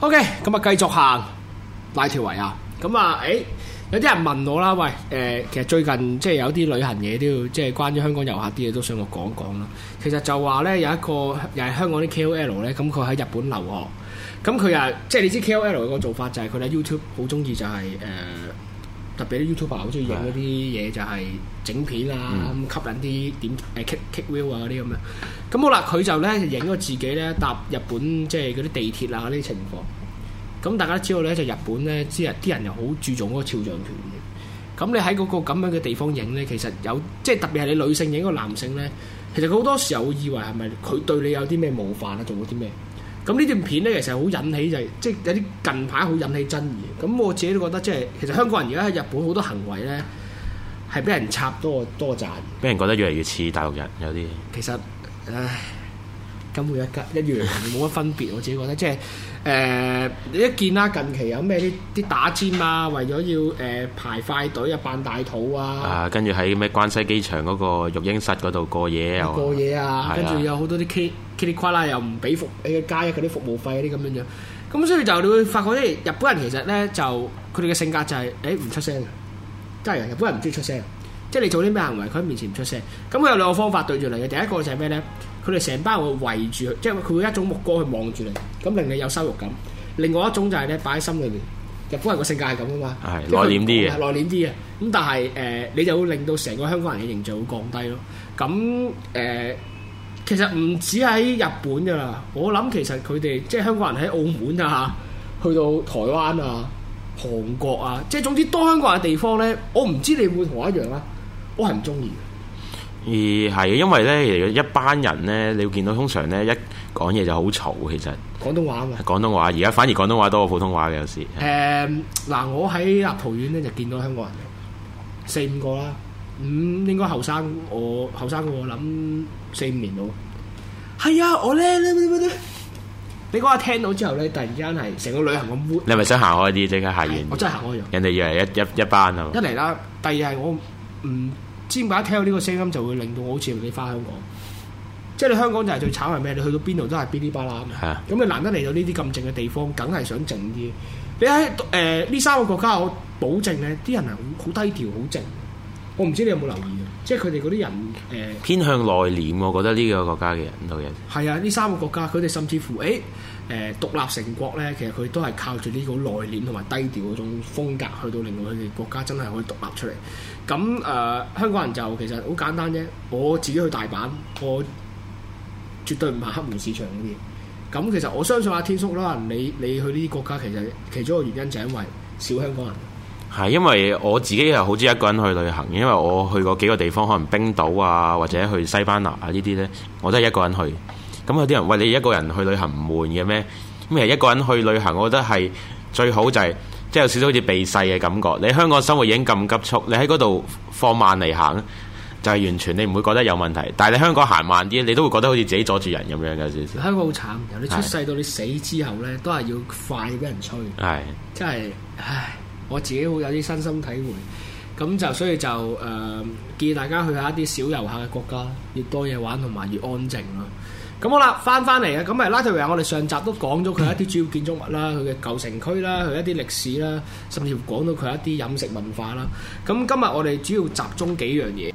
OK，咁啊，繼續行拉脫維亞啊！咁、嗯、啊，誒、欸、有啲人問我啦，喂，誒、呃、其實最近即係有啲旅行嘢都要，即係關於香港遊客啲嘢，都想我講一講啦。其實就話咧有一個又係香港啲 K O L 咧，咁佢喺日本留學，咁、嗯、佢又即係你知 K O L 個做法就係佢喺 YouTube 好鍾意就係、是、誒。呃特別啲 YouTuber 好中意影嗰啲嘢，就係、是、整片啊，咁吸引啲點誒 kick kick wheel 啊嗰啲咁樣。咁、嗯、好啦，佢就咧影咗自己咧搭日本，即係嗰啲地鐵啊，呢啲情況。咁大家都知道咧，就是、日本咧，啲人啲人又好注重嗰個肖像權嘅。咁你喺嗰個咁樣嘅地方影咧，其實有即係特別係你女性影個男性咧，其實佢好多時候會以為係咪佢對你有啲咩冒犯啊，做咗啲咩？咁呢段片咧，其實好引起就係即係有啲近排好引起爭議。咁我自己都覺得，即係其實香港人而家喺日本好多行為咧，係俾人插多多讚，俾人覺得越嚟越似大陸人有啲。其實，唉，根本一 一樣，冇乜分別。我自己覺得即係。誒、嗯，你一見啦，近期有咩啲啲打尖啊？為咗要誒、呃、排快隊辦啊，扮大肚啊！啊，跟住喺咩關西機場嗰個育嬰室嗰度過，過夜啊！過夜啊，跟住有好多啲攣攣攣攣啦，又唔俾服，加一嗰啲服務費嗰啲咁樣樣。咁、嗯、所以就你會發覺啲日本人其實咧就佢哋嘅性格就係誒唔出聲嘅。真係日本人唔中意出聲，即係你做啲咩行為，佢喺面前唔出聲。咁、嗯、佢有兩個方法對住嚟嘅，第一個就係咩咧？佢哋成班人會圍住佢，即係佢會一種目光去望住你，咁令你有羞辱感。另外一種就係咧，擺喺心裏邊，日本人個性格係咁噶嘛，的內斂啲嘅。內斂啲嘅。咁但係誒、呃，你就會令到成個香港人嘅形象會降低咯。咁、呃、誒，其實唔止喺日本㗎啦。我諗其實佢哋即係香港人喺澳門啊，去到台灣啊、韓國啊，即係總之多香港人嘅地方咧，我唔知你會同我一樣啦。我係唔中意。而係，因為咧一班人咧，你會見到通常咧一講嘢，就好嘈。其實廣東話啊嘛，廣東話而家反而廣東話多過普通話嘅有時。誒，嗱，我喺立陶宛咧就見到香港人四五個啦，咁應該後生，我後生我諗四五年到。係啊，我咧咧咧咧，你講話聽到之後咧，突然間係成個旅行咁污。你係咪想行開啲即刻行完？我真係行開咗。人哋以為係一一一班啊嘛。一嚟啦，第二係我唔。先把一聽到呢個聲音就會令到我好似要返香港，即係你香港就係最慘係咩？你去到邊度都係嗶哩巴啦咁嘅，咁你、啊、難得嚟到呢啲咁靜嘅地方，梗係想靜啲。你喺誒呢三個國家，我保證咧，啲人係好低調、好靜。我唔知你有冇留意嘅，的即係佢哋嗰啲人誒、呃、偏向內斂。我覺得呢個國家嘅人，人，好人係啊，呢三個國家佢哋甚至乎誒。欸誒獨立成國呢，其實佢都係靠住呢個內斂同埋低調嗰種風格，去到令到佢哋國家真係可以獨立出嚟。咁誒、呃，香港人就其實好簡單啫。我自己去大阪，我絕對唔係黑門市場嗰啲。咁其實我相信阿、啊、天叔啦，你你去呢啲國家，其實其中一個原因就因為少香港人。係因為我自己又好似一個人去旅行，因為我去過幾個地方，可能冰島啊，或者去西班牙啊呢啲呢，我都係一個人去。咁、嗯、有啲人喂，你一個人去旅行唔悶嘅咩？咁其實一個人去旅行，我覺得係最好就係、是，即、就、係、是、有少少好似避世嘅感覺。你香港生活已經咁急促，你喺嗰度放慢嚟行，就係、是、完全你唔會覺得有問題。但係你香港行慢啲，你都會覺得好似自己阻住人咁樣有少少。香港好慘，由你出世到你死之後呢，的都係要快俾人催。係的，真係，唉，我自己會有啲身心體會。咁就所以就誒、呃、建議大家去下一啲小遊客嘅國家，越多嘢玩同埋越，越安靜咯。咁好啦，翻翻嚟啊！咁咪拉脫維亞，我哋上集都講咗佢一啲主要建築物啦，佢嘅舊城區啦，佢一啲歷史啦，甚至乎講到佢一啲飲食文化啦。咁今日我哋主要集中幾樣嘢。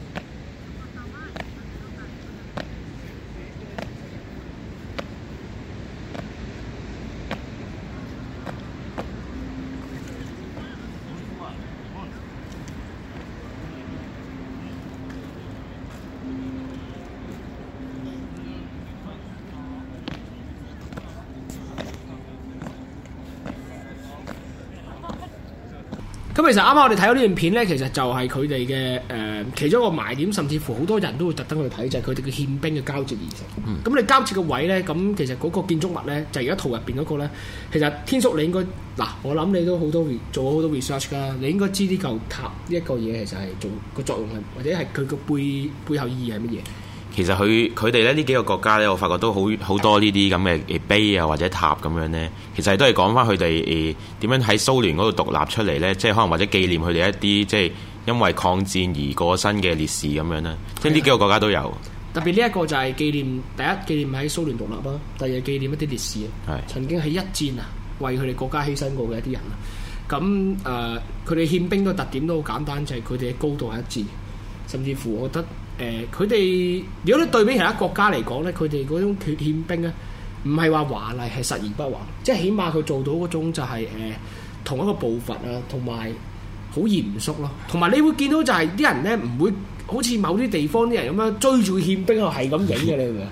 咁其實啱啱我哋睇到呢段片咧，其實就係佢哋嘅誒其中一個賣點，甚至乎好多人都會特登去睇，就係佢哋嘅憲兵嘅交接儀式。咁、嗯、你交接嘅位咧，咁其實嗰個建築物咧，就係而家圖入邊嗰個咧，其實天叔你應該嗱，我諗你都好多 re, 做咗好多 research 噶，你應該知啲舊塔呢一個嘢其實係做個作用係，或者係佢個背背後意義係乜嘢？其實佢佢哋咧呢幾個國家咧，我發覺都好好多呢啲咁嘅碑啊或者塔咁樣咧，其實都係講翻佢哋點樣喺蘇聯嗰度獨立出嚟咧，即係可能或者紀念佢哋一啲即係因為抗戰而過身嘅烈士咁樣啦。即係呢幾個國家都有，特別呢一個就係紀念第一紀念喺蘇聯獨立啦，第二紀念一啲烈士啊，是曾經喺一戰啊為佢哋國家犧牲過嘅一啲人啦。咁誒佢哋獻兵嘅特點都好簡單，就係佢哋嘅高度係一致，甚至乎我覺得。誒佢哋，如果你對比其他國家嚟講咧，佢哋嗰種憲兵咧，唔係話華麗，係實而不華，即係起碼佢做到嗰種就係、是、誒、呃、同一個步伐啊，同埋好嚴肅咯，同埋你會見到就係、是、啲人咧唔會好似某啲地方啲人咁樣追住憲兵哦，係咁影嘅你明唔明？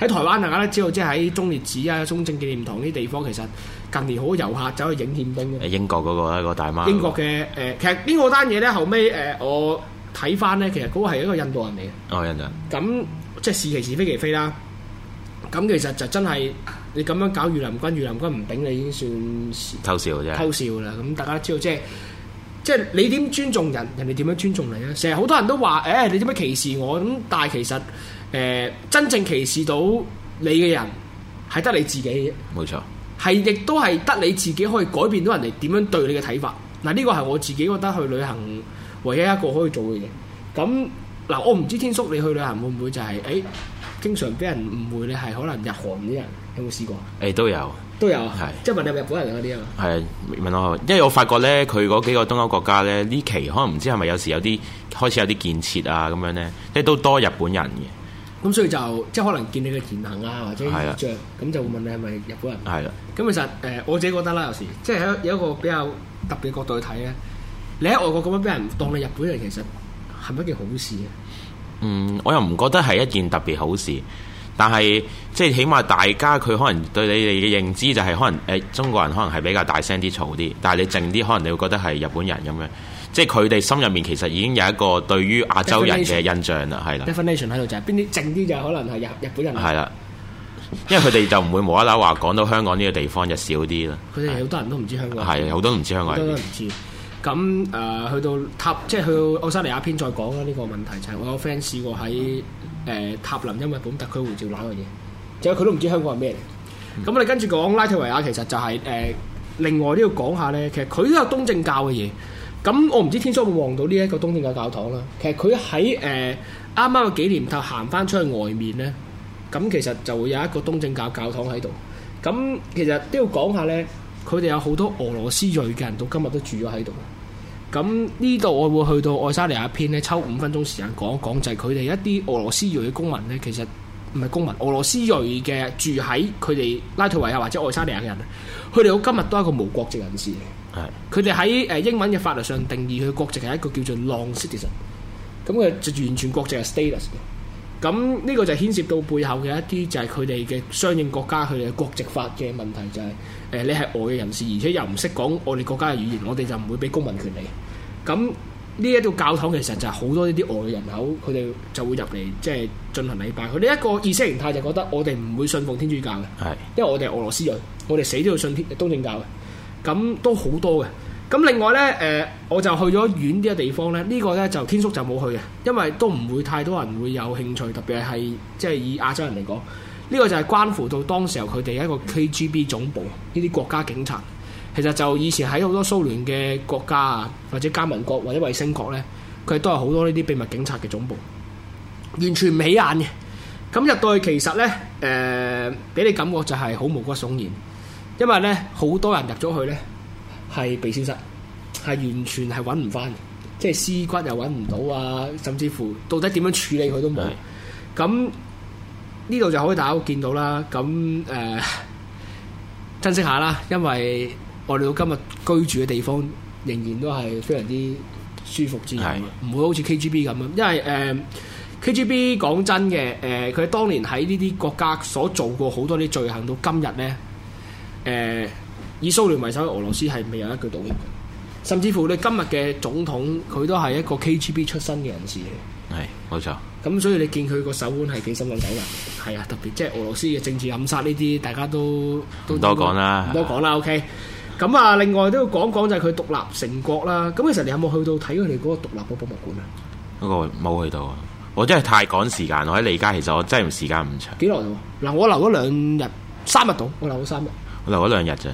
喺台灣大家都知道，即係喺忠烈祠啊、中正紀念堂呢啲地方，其實近年好多遊客走去影憲兵嘅。英國嗰、那個一、那個大媽、那個。英國嘅誒、呃，其實呢個單嘢咧，後尾誒我。睇翻呢，其實嗰個係一個印度人嚟嘅。哦、oh, yeah.，印度人，咁即係是,是其是非其非啦。咁其實就真係你咁樣搞越南軍，越南軍唔頂你已經算偷笑啫。偷笑啦！咁大家都知道即係即係你點尊重人，人哋點樣尊重你咧？成日好多人都話：，誒、欸，你點樣歧視我？咁但係其實誒、呃、真正歧視到你嘅人係得你自己嘅。冇錯。係亦都係得你自己可以改變到人哋點樣對你嘅睇法。嗱，呢個係我自己覺得去旅行。唯一一個可以做嘅嘢，咁嗱，我唔知天叔你去旅行會唔會就係誒經常俾人誤會你係可能日韓啲人，有冇試過？誒、欸、都有，都有啊，是即係問你係咪日本人嗰啲啊。係問我，因為我發覺咧，佢嗰幾個東歐國家咧，呢期可能唔知係咪有時有啲開始有啲建設啊咁樣咧，即係都多日本人嘅。咁所以就即係可能見你嘅言行啊，或者衣着，咁的就會問你係咪日本人。係啦的。咁其實誒、呃、我自己覺得啦，有時即係喺有一個比較特別嘅角度去睇咧。你喺外國咁樣俾人當你日本人，其實係唔係一件好事啊？嗯，我又唔覺得係一件特別好事，但係即係起碼大家佢可能對你哋嘅認知就係可能誒、呃、中國人可能係比較大聲啲嘈啲，但係你靜啲，可能你會覺得係日本人咁樣。即係佢哋心入面其實已經有一個對於亞洲人嘅印象啦，係啦 Definition，係啦。Definition 喺度就係邊啲靜啲就可能係日日本人係啦，係啦 因為佢哋就唔會無啦啦話講到香港呢個地方就少啲啦。佢哋好多人都唔知香港係好多唔知香港人都唔知。 咁誒、呃、去到塔，即係去到澳沙尼亞篇再講啦。呢、這個問題就係我有 friend 試過喺誒、呃、塔林，因為本特區護照攞嘅嘢，就係佢都唔知香港係咩。咁我哋跟住講拉脱維亞其實就係、是、誒、呃、另外都要講下咧。其實佢都有東正教嘅嘢。咁我唔知天叔會望到呢一個東正教教堂啦。其實佢喺誒啱啱嘅紀念塔行翻出去外面咧，咁其實就會有一個東正教教堂喺度。咁其實都要講下咧。佢哋有好多俄羅斯裔嘅人到今日都住咗喺度，咁呢度我會去到愛沙尼亞片咧，抽五分鐘時間講一講，就係佢哋一啲俄羅斯裔嘅公民咧，其實唔係公民，俄羅斯裔嘅住喺佢哋拉脱維亞或者愛沙尼亞嘅人，佢哋到今日都係一個無國籍人士嘅，係佢哋喺誒英文嘅法律上定義佢國籍係一個叫做 non-citizen，咁嘅就完全國籍係 status。咁呢個就牽涉到背後嘅一啲，就係佢哋嘅相應國家佢哋嘅國籍法嘅問題，就係誒你係俄裔人士，而且又唔識講我哋國家嘅語言，我哋就唔會俾公民權利。咁呢一度教堂其實就係好多呢啲俄裔人口，佢哋就會入嚟即係進行禮拜。佢哋一個意識形態就覺得我哋唔會信奉天主教嘅，係因為我哋係俄羅斯人，我哋死都要信天東正教嘅。咁都好多嘅。咁另外呢，誒、呃，我就去咗遠啲嘅地方呢。呢、這個呢，就天叔就冇去嘅，因為都唔會太多人會有興趣，特別係即係以亞洲人嚟講，呢、這個就係關乎到當時候佢哋一個 KGB 總部，呢啲國家警察其實就以前喺好多蘇聯嘅國家啊，或者加盟國或者衛星國呢，佢都係好多呢啲秘密警察嘅總部，完全唔起眼嘅。咁入到去其實呢，誒、呃，俾你感覺就係好毛骨悚然，因為呢，好多人入咗去呢。係被消失，係完全係揾唔翻，即係屍骨又揾唔到啊！甚至乎到底點樣處理佢都冇。咁呢度就可以大家見到啦。咁誒、呃、珍惜下啦，因為我哋到今日居住嘅地方，仍然都係非常之舒服之樣，唔是的 會好似 KGB 咁樣。因為誒、呃、KGB 講真嘅，誒、呃、佢當年喺呢啲國家所做過好多啲罪行，到今日呢。誒、呃。以蘇聯為首嘅俄羅斯係未有一句道歉，甚至乎你今日嘅總統佢都係一個 K G B 出身嘅人士，嚟。係冇錯。咁所以你見佢個手腕係幾深惡毒噶？係啊，特別即係、就是、俄羅斯嘅政治暗殺呢啲，大家都都唔多講啦，唔多講啦。O K。咁啊，另外都要講講就係佢獨立成國啦。咁其實你有冇去到睇佢哋嗰個獨立嘅博物館啊？嗰個冇去到啊，我真係太趕時間。我喺嚟家，其實我真係時間唔長。幾耐嗱，我留咗兩日三日到，我留咗三日，我留咗兩日咋。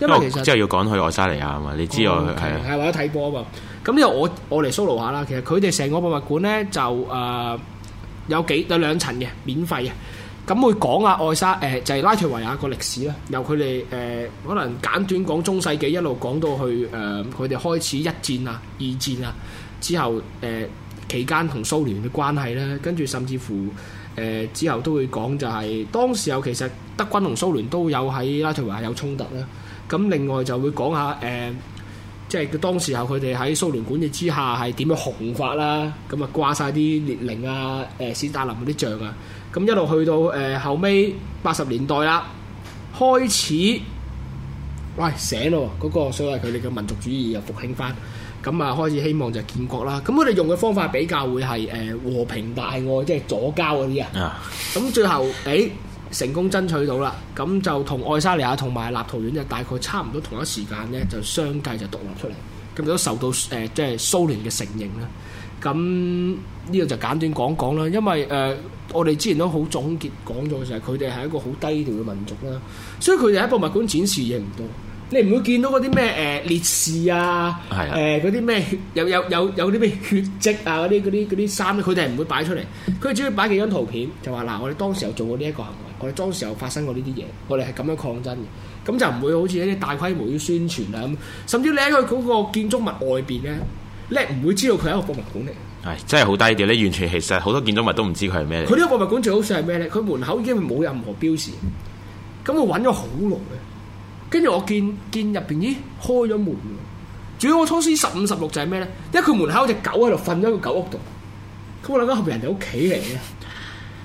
因為其實即係之後要趕去愛沙尼亞嘛，你知我係係為咗睇波啊嘛。咁呢個我我嚟 solo 下啦。其實佢哋成個博物館咧就誒、呃、有幾有兩層嘅，免費嘅。咁會講下、啊、愛沙誒、呃、就係、是、拉脫維亞個歷史啦。由佢哋誒可能簡短講中世紀一路講到去誒佢哋開始一戰啊、二戰啊之後誒、呃、期間同蘇聯嘅關係咧，跟住甚至乎誒、呃、之後都會講就係、是、當時候其實德軍同蘇聯都有喺拉脫維亞有衝突咧。咁另外就會講下誒，即係當時候佢哋喺蘇聯管治之下係點樣紅法啦，咁啊掛曬啲列寧啊、誒斯大林嗰啲像啊，咁一路去到誒後尾八十年代啦，開始，喂醒咯，嗰個所謂佢哋嘅民族主義又復興翻，咁啊開始希望就建國啦，咁佢哋用嘅方法比較會係誒和平大愛即係左膠嗰啲啊，咁最後誒。成功爭取到啦，咁就同愛沙尼亞同埋立陶宛就大概差唔多同一時間咧，就相繼就獨立出嚟亦都受到誒即係蘇聯嘅承認啦。咁呢、這個就簡短講講啦，因為誒、呃、我哋之前都好總結講咗嘅就係佢哋係一個好低調嘅民族啦，所以佢哋喺博物館展示嘢唔多，你唔會見到嗰啲咩誒烈士啊，誒嗰啲咩有有有有啲咩血跡啊，嗰啲啲啲衫，佢哋唔會擺出嚟，佢哋只要擺幾張圖片就話嗱，我哋當時有做過呢一個行為。我哋當時候發生過呢啲嘢，我哋係咁樣抗爭嘅，咁就唔會好似一啲大規模嘅宣傳啊咁。甚至你喺佢嗰個建築物外邊咧，你唔會知道佢係一個博物館嚟。係、哎、真係好低調咧，完全其實好多建築物都唔知佢係咩。佢呢個博物館最好笑係咩咧？佢門口已經冇任何標示，咁我揾咗好耐，跟住我見見入邊咦開咗門。仲要我初時十五十六就係咩咧？因為佢門口有隻狗喺度瞓咗個狗屋度，咁我諗緊後邊人哋屋企嚟嘅。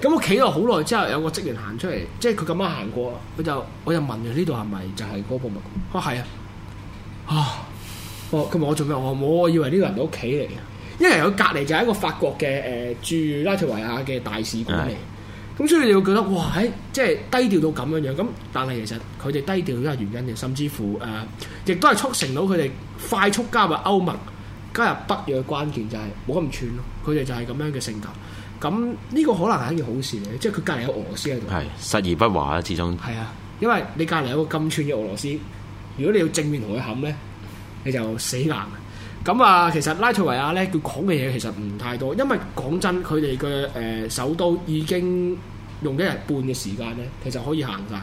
咁我企咗好耐，之後有個職員行出嚟，即係佢咁樣行過，佢就我就問佢呢度係咪就係嗰個物？哇，係啊！哦、啊，咁、啊啊啊、我做咩？我冇，我以為呢個人屋企嚟嘅，因為佢隔離就係一個法國嘅誒、呃、駐拉脫維亞嘅大使館嚟。咁、嗯、所以你會覺得哇，欸、即係低調到咁樣樣。咁但係其實佢哋低調嘅原因，甚至乎誒、呃，亦都係促成到佢哋快速加入歐盟、加入北約嘅關鍵、就係，就係冇咁串咯。佢哋就係咁樣嘅性格。咁呢、這個可能係一件好事嘅，即係佢隔離有俄羅斯喺度，係實而不華啊，始終係啊，因為你隔離有個金磚嘅俄羅斯，如果你要正面同佢冚咧，你就死硬。咁啊，其實拉脫維亞咧，佢講嘅嘢其實唔太多，因為講真，佢哋嘅誒首都已經用一日半嘅時間咧，其實可以行晒。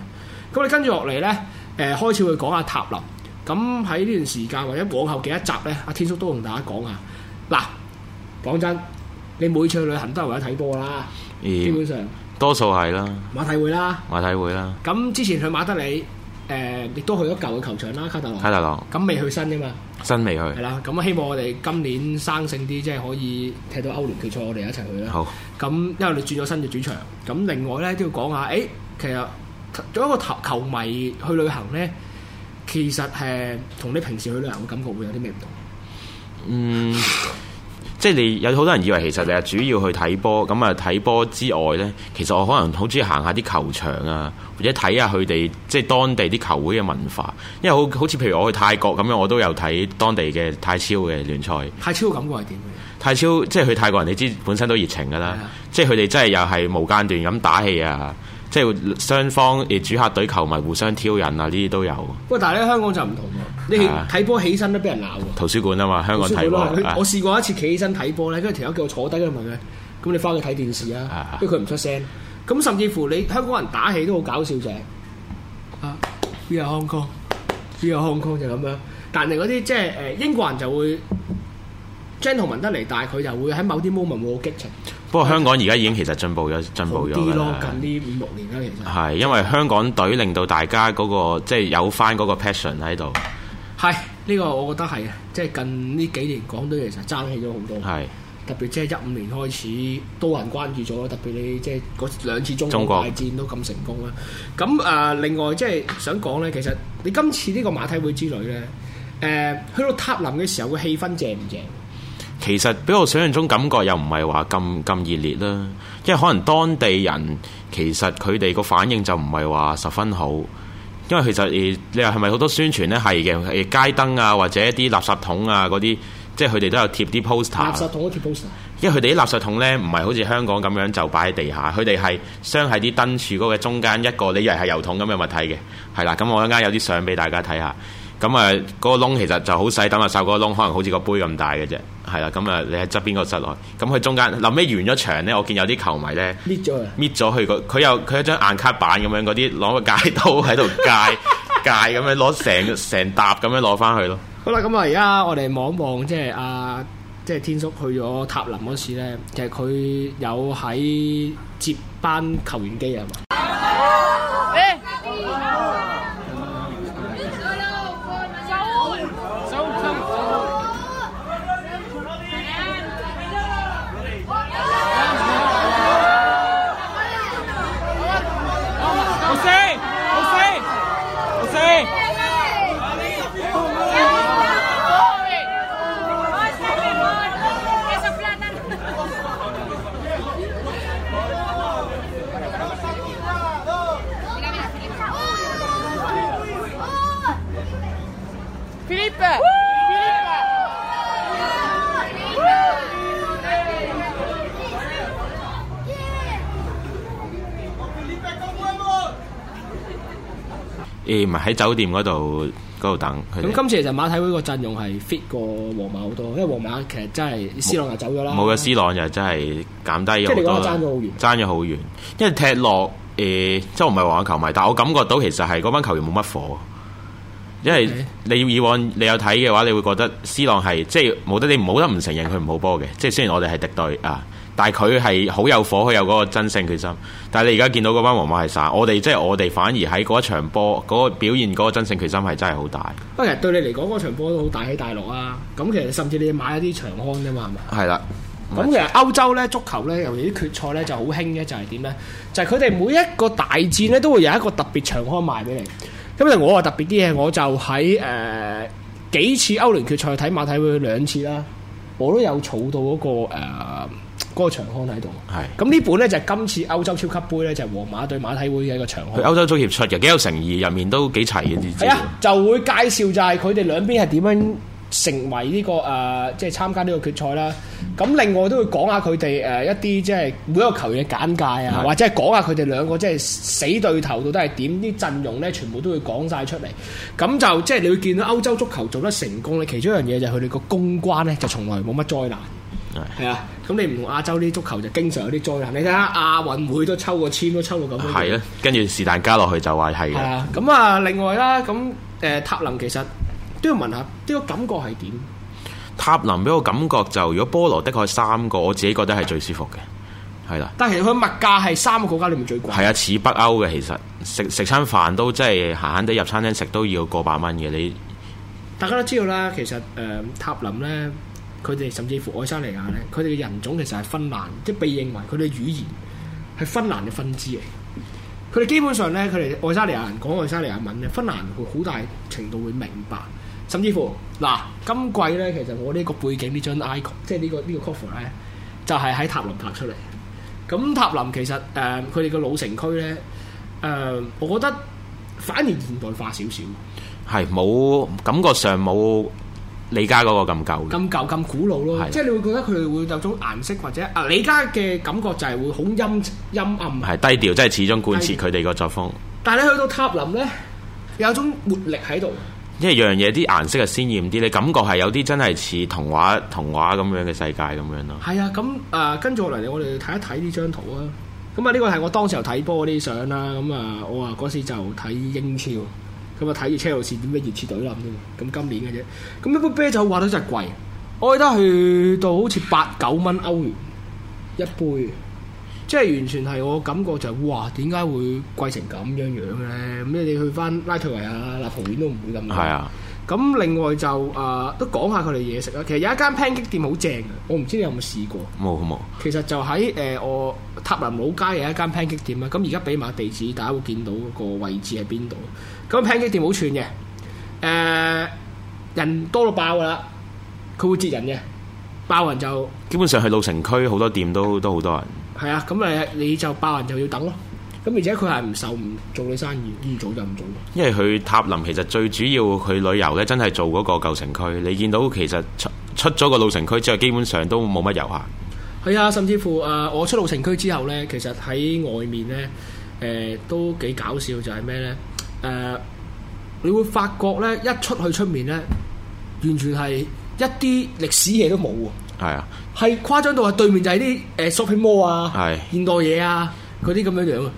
咁你跟住落嚟咧，誒、呃、開始去講下塔林。咁喺呢段時間或者往後幾一集咧，阿、啊、天叔都同大家講下。嗱，講真。你每次去旅行都係為咗睇波啦，基本上多數係啦，馬體會啦，馬體會啦。咁之前去馬德里，誒亦都去咗舊嘅球場啦，卡特羅。卡特羅，咁未去新嘅嘛？新未去？係啦。咁希望我哋今年生性啲，即係可以踢到歐聯決賽，我哋一齊去啦。好。咁因為你轉咗新嘅主場，咁另外咧都要講下，誒其實做一個球球迷去旅行咧，其實係同你平時去旅行嘅感覺會有啲咩唔同？嗯。即係你有好多人以為其實你係主要去睇波，咁啊睇波之外呢，其實我可能好中意行下啲球場啊，或者睇下佢哋即係當地啲球會嘅文化。因為好好似譬如我去泰國咁樣，我都有睇當地嘅泰超嘅聯賽。泰超感覺係點嘅？泰超即係去泰國人，你知本身都熱情㗎啦的。即係佢哋真係又係無間斷咁打氣啊！即係雙方主客隊球迷互相挑釁啊，呢啲都有。喂，但係咧香港就唔同睇波起身都俾人鬧喎。圖書館啊嘛，香港睇咯。我試過一次企起身睇波咧，跟住條友叫我坐低咧，問佢：咁你翻去睇電視啊？跟住佢唔出聲。咁甚至乎你香港人打氣都好搞笑，就係啊，邊有 Hong Kong？邊有 Hong Kong 就咁樣。但係嗰啲即係誒英國人就會、啊、gentleman 得嚟，但係佢就會喺某啲 moment 會好激情。不過香港而家已經其實進步咗，進步咗，近呢五六年啦。其實，係因為香港隊令到大家嗰、那個即係、就是、有翻嗰個 passion 喺度。係，呢、這個我覺得係嘅，即係近呢幾年廣都其實爭氣咗好多，是特別即係一五年開始多人關注咗，特別你即係嗰兩次中國大國戰都咁成功啦。咁誒、呃，另外即係想講咧，其實你今次呢個馬蹄會之旅咧，誒、呃、去到塔林嘅時候個氣氛正唔正？其實比我想象中感覺又唔係話咁咁熱烈啦，因為可能當地人其實佢哋個反應就唔係話十分好。因為其實誒，你話係咪好多宣傳咧？係嘅，誒街燈啊，或者一啲垃圾桶啊嗰啲，即係佢哋都有貼啲 poster。垃圾桶都貼 poster。因為佢哋啲垃圾桶咧，唔係好似香港咁樣就擺喺地下，佢哋係鑲喺啲燈柱嗰個中間一個，你以為係油桶咁嘅物體嘅，係啦。咁我一間有啲相俾大家睇下。咁啊，嗰、嗯嗰個窿其實就好細，等下收嗰個窿可能好似個杯咁大嘅啫，係啦。咁、嗯、啊，你喺側邊個室內，咁佢中間臨尾完咗場咧，我見有啲球迷咧，搣咗搣咗佢佢又佢一張硬卡板咁樣，嗰啲攞個戒刀喺度戒戒咁樣，攞成成沓咁樣攞翻去咯 。好啦，咁啊，而家我哋望一望，即係阿即係天叔去咗塔林嗰時咧，其實佢有喺接班球員機係嘛？是 誒，唔係喺酒店嗰度度等咁，嗯、今次其實馬體會個陣容係 fit 過皇馬好多，因為皇馬其實真係 C 朗又走咗啦。冇嘅，C 朗又真係減低咗好多。爭咗好遠。爭咗好遠，因為踢落誒，即係唔係皇馬球迷，但我感覺到其實係嗰班球員冇乜火。因為你以往你有睇嘅話，你會覺得 C 朗係即係冇得，你唔好得唔承認佢唔好波嘅。即係雖然我哋係敵隊啊。但係佢係好有火，佢有嗰個真性決心。但係你而家見到嗰班皇馬係散，我哋即係我哋反而喺嗰一場波嗰、嗰個表現，嗰個真性決心係真係好大。不過其實對你嚟講嗰場波都好大喺大樂啊！咁其實甚至你買一啲長康啫嘛，係嘛？係啦的。咁其實歐洲咧足球咧，尤其啲決賽咧就好興嘅就係點咧？就係佢哋每一個大戰咧都會有一個特別長康賣俾你。咁其實我話特別啲嘢，我就喺誒、呃、幾次歐聯決賽睇馬睇到兩次啦，我都有儲到嗰、嗰個誒。呃嗰個場刊喺度，係咁是呢本咧就係、是、今次歐洲超級杯咧就皇、是、馬對馬體會嘅一個場刊。佢歐洲足協出嘅，幾有誠意，入面都幾齊嘅啲資料。係啊，就會介紹就係佢哋兩邊係點樣成為呢、這個誒，即、呃、係、就是、參加呢個決賽啦。咁另外都會講下佢哋誒一啲即係每一個球員嘅簡介啊，的或者係講下佢哋兩個即係、就是、死對頭到底係點？啲陣容咧全部都會講晒出嚟。咁就即係、就是、你會見到歐洲足球做得成功咧，其中一樣嘢就係佢哋個公關咧就從來冇乜災難。係啊，咁你唔同亞洲啲足球就經常有啲災難，你睇下亞運會都抽個簽都抽到咁。係啦，跟住是但加落去就話係係啊，咁啊，另外啦，咁誒、呃，塔林其實都要問下，呢個感覺係點？塔林俾我感覺就是，如果菠蘿的確係三個，我自己覺得係最舒服嘅，係啦。但係其實佢物價係三個國家裏面最貴。係啊，似北歐嘅，其實食食餐飯都真係閒閒地入餐廳食都要過百蚊嘅。你大家都知道啦，其實誒、呃，塔林咧。佢哋甚至乎愛沙尼亞咧，佢哋嘅人種其實係芬蘭，即係被認為佢哋語言係芬蘭嘅分支嚟。佢哋基本上咧，佢哋愛沙尼亞人講愛沙尼亞文咧，芬蘭會好大程度會明白。甚至乎嗱，今季咧，其實我呢個背景呢張 icon，即係呢、呢個呢、呢個 cover 咧，就係、係、喺塔林拍出嚟。咁塔林其實誒，佢哋嘅老城區咧，誒、呃，我覺得反而現代化少少，係冇感覺上冇。李家嗰個咁舊、舊，咁舊咁古老咯，係，即係你會覺得佢哋會有種顏色或者啊李家嘅感覺就係會好陰陰暗，係低調，即係始終貫徹佢哋個作風。但係你去到塔林咧，有種活力喺度。因為樣一樣嘢，啲顏色係鮮艷啲，你感覺係有啲真係似童話童話咁樣嘅世界咁樣咯。係啊，咁啊，跟住落嚟，我哋睇一睇呢張圖啊。咁啊，呢個係我當時有睇波啲相啦。咁啊，我話嗰時就睇英超。咁啊，睇住車路士點解熱刺隊啦咁啫喎，咁今年嘅啫。咁一杯啤酒話到真係貴，我記得去到好似八九蚊歐元一杯，即係完全係我感覺就係、是、哇，點解會貴成咁樣樣咧？咩你去返拉脫維亞、立陶宛都唔會咁。係啊。咁另外就誒、呃、都講下佢哋嘢食啦。其實有一間 pancake 店好正，我唔知你有冇試過。冇冇、哦。好其實就喺誒、呃、我塔林老街嘅一間 pancake 店啦。咁而家俾埋地址，大家會見到個位置喺邊度。咁 pancake 店好串嘅，誒、呃、人多到爆噶啦，佢會接人嘅，爆人就。基本上係老城區好多店都都好多人。係啊，咁誒你就爆人就要等咯。咁而且佢係唔受唔做你生意，唔做就唔做。因為佢塔林其實最主要去旅遊呢，真係做嗰個舊城區。你見到其實出出咗個老城區之後，基本上都冇乜遊客。係啊，甚至乎誒、呃，我出老城區之後呢，其實喺外面呢，誒、呃、都幾搞笑。就係、是、咩呢？誒、呃，你會發覺呢，一出去出面呢，完全係一啲歷史嘢都冇啊！係啊，係誇張到啊，對面就係啲誒 shopping mall 啊，係現代嘢啊，嗰啲咁樣樣。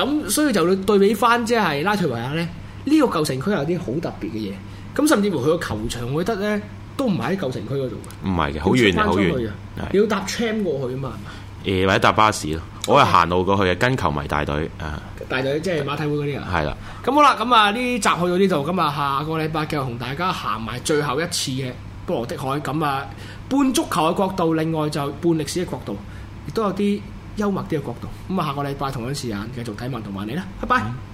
咁所以就對比翻，即係拉脫維亞呢，呢、呢個舊城區有啲好特別嘅嘢。咁甚至乎佢個球場，我覺得呢都唔係喺舊城區嗰度。唔係嘅，好遠好遠。要,遠你要搭車過去啊嘛。誒的或者搭巴士咯，的我係行路過去嘅，跟球迷大隊啊。的大隊即係、即係、馬體會嗰啲人。係啦的。咁好啦，咁啊呢集去到呢度，咁啊下個禮拜繼續同大家行埋最後一次嘅波羅的海。咁啊，半足球嘅角度，另外就半歷史嘅角度，亦都有啲。幽默啲嘅角度，咁啊，下個禮拜同樣時間繼續睇文同埋你啦，拜拜。嗯